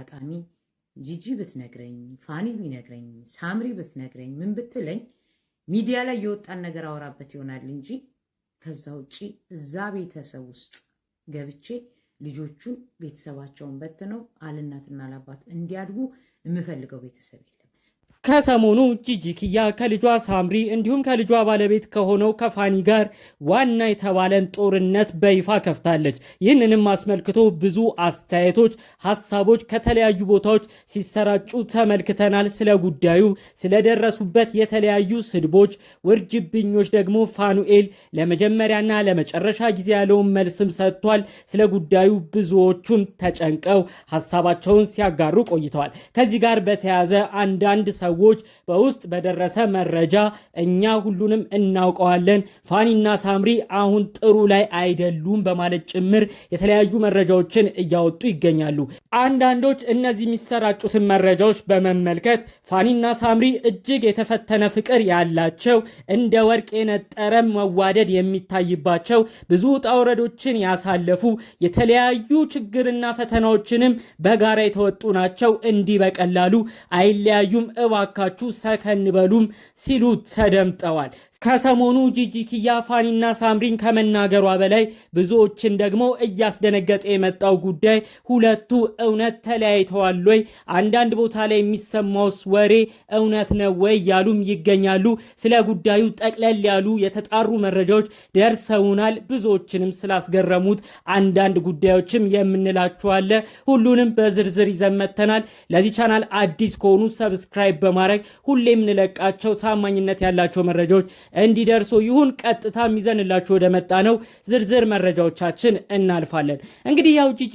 አጋጣሚ ጂጂ ብትነግረኝ፣ ፋኒ ቢነግረኝ፣ ሳምሪ ብትነግረኝ፣ ምን ብትለኝ ሚዲያ ላይ የወጣን ነገር አወራበት ይሆናል እንጂ ከዛ ውጭ እዛ ቤተሰብ ውስጥ ገብቼ ልጆቹን ቤተሰባቸውን በትነው አልናትና አላባት እንዲያድጉ የምፈልገው ቤተሰብ ከሰሞኑ ጂጂ ከልጇ ሳምሪ እንዲሁም ከልጇ ባለቤት ከሆነው ከፋኒ ጋር ዋና የተባለን ጦርነት በይፋ ከፍታለች። ይህንንም አስመልክቶ ብዙ አስተያየቶች፣ ሀሳቦች ከተለያዩ ቦታዎች ሲሰራጩ ተመልክተናል። ስለ ጉዳዩ ስለደረሱበት የተለያዩ ስድቦች፣ ውርጅብኞች ደግሞ ፋኑኤል ለመጀመሪያና ለመጨረሻ ጊዜ ያለውን መልስም ሰጥቷል። ስለ ጉዳዩ ብዙዎቹም ተጨንቀው ሀሳባቸውን ሲያጋሩ ቆይተዋል። ከዚህ ጋር በተያያዘ አንዳንድ ሰ ሰዎች በውስጥ በደረሰ መረጃ እኛ ሁሉንም እናውቀዋለን፣ ፋኒና ሳምሪ አሁን ጥሩ ላይ አይደሉም በማለት ጭምር የተለያዩ መረጃዎችን እያወጡ ይገኛሉ። አንዳንዶች እነዚህ የሚሰራጩትን መረጃዎች በመመልከት ፋኒና ሳምሪ እጅግ የተፈተነ ፍቅር ያላቸው እንደ ወርቅ የነጠረ መዋደድ የሚታይባቸው ብዙ ውጣ ውረዶችን ያሳለፉ የተለያዩ ችግርና ፈተናዎችንም በጋራ የተወጡ ናቸው። እንዲህ በቀላሉ አይለያዩም እባ እባካችሁ ሰከን በሉም ሲሉ ተደምጠዋል። ከሰሞኑ ጂጂኪያ ፋኒና ሳምሪን ከመናገሯ በላይ ብዙዎችን ደግሞ እያስደነገጠ የመጣው ጉዳይ ሁለቱ እውነት ተለያይተዋል ወይ፣ አንዳንድ ቦታ ላይ የሚሰማውስ ወሬ እውነት ነው ወይ ያሉም ይገኛሉ። ስለ ጉዳዩ ጠቅለል ያሉ የተጣሩ መረጃዎች ደርሰውናል። ብዙዎችንም ስላስገረሙት አንዳንድ ጉዳዮችም የምንላችኋለ። ሁሉንም በዝርዝር ይዘመተናል። ለዚህ ቻናል አዲስ ከሆኑ ሰብስክራይብ በማድረግ ሁሌ የምንለቃቸው ታማኝነት ያላቸው መረጃዎች እንዲደርሱ ይሁን ቀጥታ ሚዘንላችሁ ወደ መጣ ነው ዝርዝር መረጃዎቻችን እናልፋለን። እንግዲህ ያው ጂጂ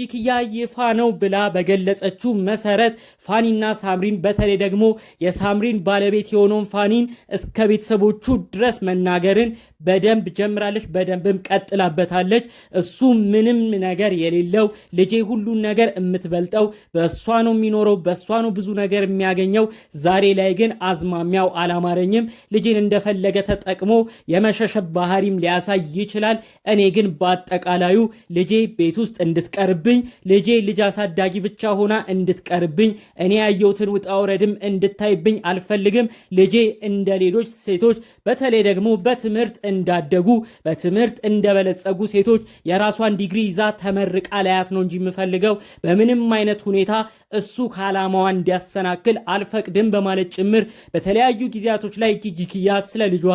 ይፋ ነው ብላ በገለጸችው መሰረት ፋኒና ሳምሪን በተለይ ደግሞ የሳምሪን ባለቤት የሆነውን ፋኒን እስከ ቤተሰቦቹ ድረስ መናገርን በደንብ ጀምራለች፣ በደንብም ቀጥላበታለች። እሱ ምንም ነገር የሌለው ልጄ ሁሉን ነገር የምትበልጠው በእሷ ነው የሚኖረው፣ በእሷ ነው ብዙ ነገር የሚያገኘው። ዛሬ ላይ ግን አዝማሚያው አላማረኝም። ልጄን እንደፈለገ ተጠቅሞ የመሸሸብ ባህሪም ሊያሳይ ይችላል። እኔ ግን በአጠቃላዩ ልጄ ቤት ውስጥ እንድትቀርብኝ፣ ልጄ ልጅ አሳዳጊ ብቻ ሆና እንድትቀርብኝ፣ እኔ ያየሁትን ውጣ ውረድም እንድታይብኝ አልፈልግም። ልጄ እንደ ሌሎች ሴቶች በተለይ ደግሞ በትምህርት እንዳደጉ በትምህርት እንደበለጸጉ ሴቶች የራሷን ዲግሪ ይዛ ተመርቃ ላያት ነው እንጂ የምፈልገው በምንም አይነት ሁኔታ እሱ ከዓላማዋ እንዲያሰናክል አልፈቅድም በማለት ጭምር በተለያዩ ጊዜያቶች ላይ ጂጂ ስለ ልጇ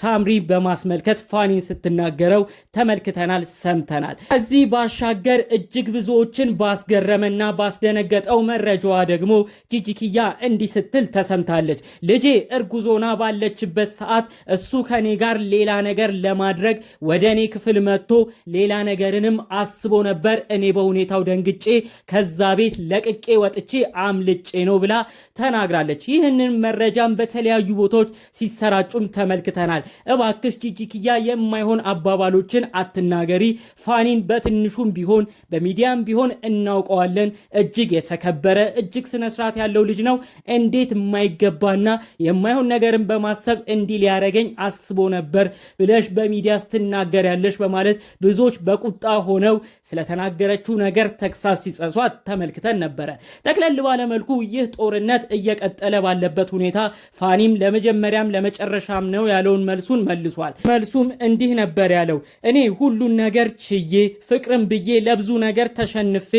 ሳምሪ በማስመልከት ፋኒን ስትናገረው ተመልክተናል፣ ሰምተናል። ከዚህ ባሻገር እጅግ ብዙዎችን ባስገረመና ባስደነገጠው መረጃዋ ደግሞ ጂጂኪያ እንዲህ ስትል ተሰምታለች። ልጄ እርጉዞና ባለችበት ሰዓት እሱ ከኔ ጋር ሌላ ነገር ለማድረግ ወደ እኔ ክፍል መጥቶ ሌላ ነገርንም አስቦ ነበር። እኔ በሁኔታው ደንግጬ ከዛ ቤት ለቅቄ ወጥቼ አምልጬ ነው ብላ ተናግራለች። ይህንን መረጃም በተለያዩ ቦታዎች ሲሰራጩም ተመልክተናል። እባክስ ጂጂኪያ የማይሆን አባባሎችን አትናገሪ። ፋኒን በትንሹም ቢሆን በሚዲያም ቢሆን እናውቀዋለን። እጅግ የተከበረ እጅግ ስነስርዓት ያለው ልጅ ነው። እንዴት የማይገባና የማይሆን ነገርን በማሰብ እንዲህ ሊያደረገኝ አስቦ ነበር ብለሽ በሚዲያ ስትናገር ያለሽ በማለት ብዙዎች በቁጣ ሆነው ስለተናገረችው ነገር ተክሳስ ሲጸሷት ተመልክተን ነበረ። ጠቅለል ባለመልኩ ይህ ጦርነት እየቀጠለ ባለበት ሁኔታ ፋኒም ለመጀመሪያም ለመጨረሻም ነው ያለውን መልሱን መልሷል። መልሱም እንዲህ ነበር ያለው፣ እኔ ሁሉን ነገር ችዬ ፍቅርም ብዬ ለብዙ ነገር ተሸንፌ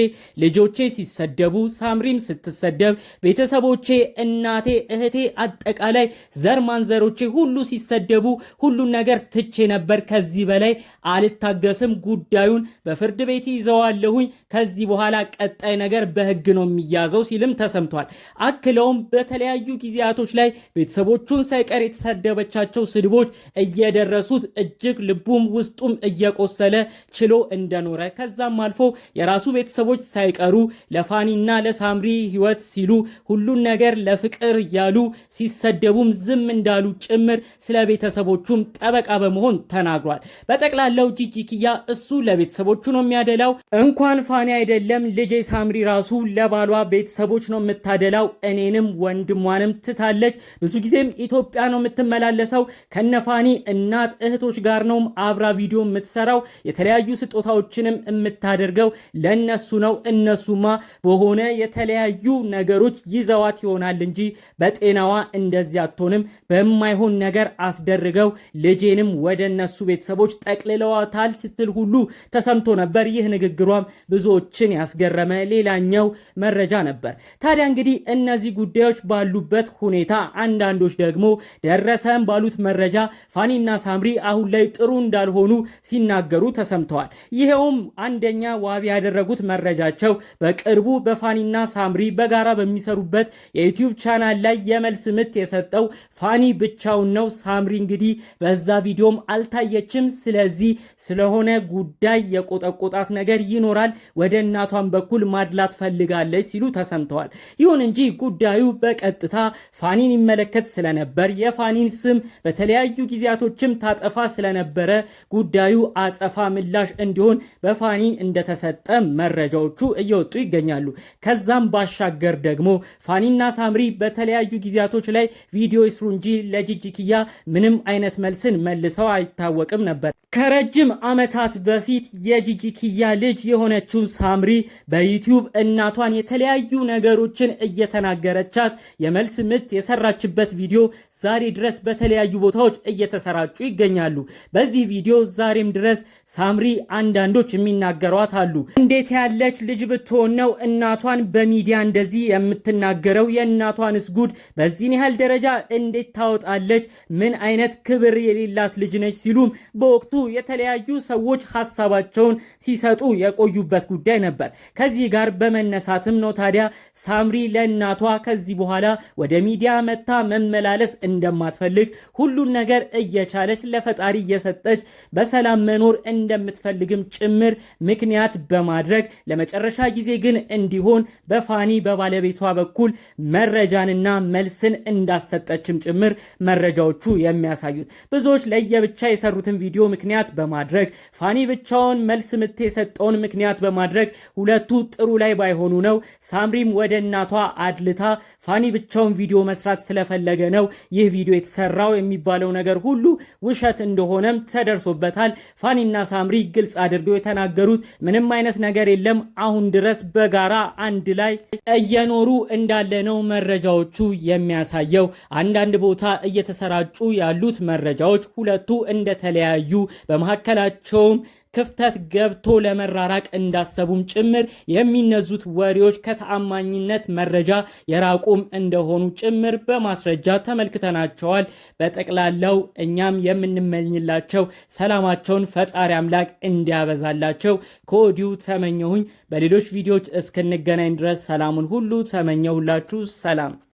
ልጆቼ ሲሰደቡ፣ ሳምሪም ስትሰደብ፣ ቤተሰቦቼ፣ እናቴ፣ እህቴ፣ አጠቃላይ ዘር ማንዘሮቼ ሁሉ ሲሰደቡ ሁሉን ነገር ትቼ ነበር። ከዚህ በላይ አልታገስም። ጉዳዩን በፍርድ ቤት ይዘዋለሁኝ። ከዚህ በኋላ ቀጣይ ነገር በህግ ነው የሚያዘው ሲልም ተሰምቷል። አክለውም በተለያዩ ጊዜያቶች ላይ ቤተሰቦቹን ሳይቀር የተሰደበቻቸው ስድቦ ጥበቦች እየደረሱት እጅግ ልቡም ውስጡም እየቆሰለ ችሎ እንደኖረ ከዛም አልፎ የራሱ ቤተሰቦች ሳይቀሩ ለፋኒና ለሳምሪ ህይወት ሲሉ ሁሉን ነገር ለፍቅር ያሉ ሲሰደቡም ዝም እንዳሉ ጭምር ስለ ቤተሰቦቹም ጠበቃ በመሆን ተናግሯል። በጠቅላላው ጂጂኪያ እሱ ለቤተሰቦቹ ነው የሚያደላው። እንኳን ፋኒ አይደለም ልጄ ሳምሪ ራሱ ለባሏ ቤተሰቦች ነው የምታደላው። እኔንም ወንድሟንም ትታለች። ብዙ ጊዜም ኢትዮጵያ ነው የምትመላለሰው ከ ከነፋኒ እናት እህቶች ጋር ነው አብራ ቪዲዮ የምትሰራው የተለያዩ ስጦታዎችንም የምታደርገው ለነሱ ነው። እነሱማ በሆነ የተለያዩ ነገሮች ይዘዋት ይሆናል እንጂ በጤናዋ እንደዚህ አትሆንም። በማይሆን ነገር አስደርገው ልጄንም ወደ እነሱ ቤተሰቦች ጠቅልለዋታል ስትል ሁሉ ተሰምቶ ነበር። ይህ ንግግሯም ብዙዎችን ያስገረመ ሌላኛው መረጃ ነበር። ታዲያ እንግዲህ እነዚህ ጉዳዮች ባሉበት ሁኔታ አንዳንዶች ደግሞ ደረሰም ባሉት መረጃ ደረጃ ፋኒና ሳምሪ አሁን ላይ ጥሩ እንዳልሆኑ ሲናገሩ ተሰምተዋል። ይኸውም አንደኛ ዋቢ ያደረጉት መረጃቸው በቅርቡ በፋኒና ሳምሪ በጋራ በሚሰሩበት የዩቲዩብ ቻናል ላይ የመልስ ምት የሰጠው ፋኒ ብቻውን ነው። ሳምሪ እንግዲህ በዛ ቪዲዮም አልታየችም። ስለዚህ ስለሆነ ጉዳይ የቆጠቆጣት ነገር ይኖራል። ወደ እናቷን በኩል ማድላት ፈልጋለች ሲሉ ተሰምተዋል። ይሁን እንጂ ጉዳዩ በቀጥታ ፋኒን ይመለከት ስለነበር የፋኒን ስም በተለያዩ በተለያዩ ጊዜያቶችም ታጠፋ ስለነበረ ጉዳዩ አጸፋ ምላሽ እንዲሆን በፋኒ እንደተሰጠ መረጃዎቹ እየወጡ ይገኛሉ። ከዛም ባሻገር ደግሞ ፋኒና ሳምሪ በተለያዩ ጊዜያቶች ላይ ቪዲዮ ይስሩ እንጂ ለጂጂኪያ ምንም አይነት መልስን መልሰው አይታወቅም ነበር። ከረጅም ዓመታት በፊት የጂጂክያ ልጅ የሆነችው ሳምሪ በዩቲዩብ እናቷን የተለያዩ ነገሮችን እየተናገረቻት የመልስ ምት የሰራችበት ቪዲዮ ዛሬ ድረስ በተለያዩ ቦታዎች እየተሰራጩ ይገኛሉ። በዚህ ቪዲዮ ዛሬም ድረስ ሳምሪ አንዳንዶች የሚናገሯት አሉ። እንዴት ያለች ልጅ ብትሆን ነው እናቷን በሚዲያ እንደዚህ የምትናገረው? የእናቷንስ ጉድ በዚህን ያህል ደረጃ እንዴት ታወጣለች? ምን አይነት ክብር የሌላት ልጅ ነች? ሲሉም በወቅቱ የተለያዩ ሰዎች ሀሳባቸውን ሲሰጡ የቆዩበት ጉዳይ ነበር። ከዚህ ጋር በመነሳትም ነው ታዲያ ሳምሪ ለእናቷ ከዚህ በኋላ ወደ ሚዲያ መታ መመላለስ እንደማትፈልግ ሁሉን ነገር ነገር እየቻለች ለፈጣሪ እየሰጠች በሰላም መኖር እንደምትፈልግም ጭምር ምክንያት በማድረግ ለመጨረሻ ጊዜ ግን እንዲሆን በፋኒ በባለቤቷ በኩል መረጃንና መልስን እንዳሰጠችም ጭምር መረጃዎቹ የሚያሳዩት ብዙዎች ለየብቻ የሰሩትን ቪዲዮ ምክንያት በማድረግ ፋኒ ብቻውን መልስ ምት የሰጠውን ምክንያት በማድረግ ሁለቱ ጥሩ ላይ ባይሆኑ ነው። ሳምሪም ወደ እናቷ አድልታ ፋኒ ብቻውን ቪዲዮ መስራት ስለፈለገ ነው ይህ ቪዲዮ የተሰራው የሚባለው ነገር ሁሉ ውሸት እንደሆነም ተደርሶበታል። ፋኒና ሳምሪ ግልጽ አድርገው የተናገሩት ምንም አይነት ነገር የለም፣ አሁን ድረስ በጋራ አንድ ላይ እየኖሩ እንዳለ ነው መረጃዎቹ የሚያሳየው። አንዳንድ ቦታ እየተሰራጩ ያሉት መረጃዎች ሁለቱ እንደተለያዩ በመካከላቸውም ክፍተት ገብቶ ለመራራቅ እንዳሰቡም ጭምር የሚነዙት ወሬዎች ከተአማኝነት መረጃ የራቁም እንደሆኑ ጭምር በማስረጃ ተመልክተናቸዋል። በጠቅላላው እኛም የምንመኝላቸው ሰላማቸውን ፈጣሪ አምላክ እንዲያበዛላቸው ከወዲሁ ተመኘሁኝ። በሌሎች ቪዲዮዎች እስክንገናኝ ድረስ ሰላሙን ሁሉ ተመኘሁላችሁ። ሰላም